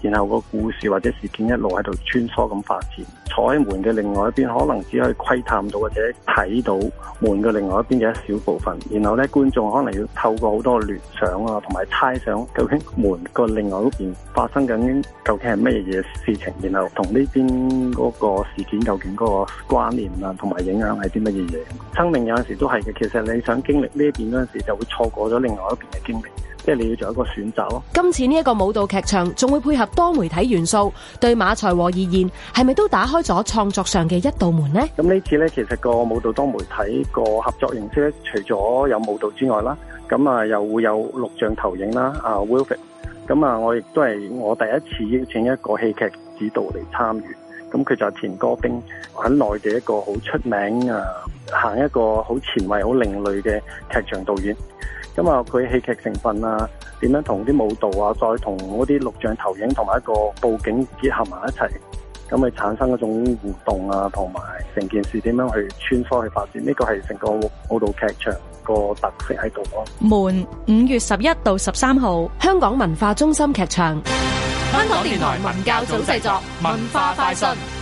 然後個故事或者事件一路喺度穿梭咁發展，坐喺門嘅另外一邊，可能只可以窺探到或者睇到門嘅另外一邊嘅一小部分。然後咧，觀眾可能要透過好多聯想啊，同埋猜想，究竟門個另外一邊發生緊究竟係乜嘢事情？然後同呢邊嗰個事件究竟嗰個關聯啊，同埋影響係啲乜嘢嘢？生命有陣時都係嘅，其實你想經歷呢邊嗰陣時，就會錯過咗另外一邊嘅經歷。即係你要做一個選擇咯。今次呢一個舞蹈劇場仲會配合多媒體元素，對馬才和而言係咪都打開咗創作上嘅一道門呢？咁呢次咧，其實個舞蹈多媒體個合作形式咧，除咗有舞蹈之外啦，咁啊又會有錄像投影啦，啊，w i l f r d 咁啊我亦都係我第一次邀請一個戲劇指導嚟參與，咁佢就係田歌兵，喺內地一個好出名啊。行一個好前衛、好另類嘅劇場導演，咁啊佢戲劇成分啊，點樣同啲舞蹈啊，再同嗰啲錄像投影同埋一個布景結合埋一齊，咁、嗯、咪產生一種互動啊，同埋成件事點樣去穿梭去發展，呢個係成個舞蹈劇場個特色喺度咯。門五月十一到十三號，香港文化中心劇場。香港電台文教組製作，文化快訊。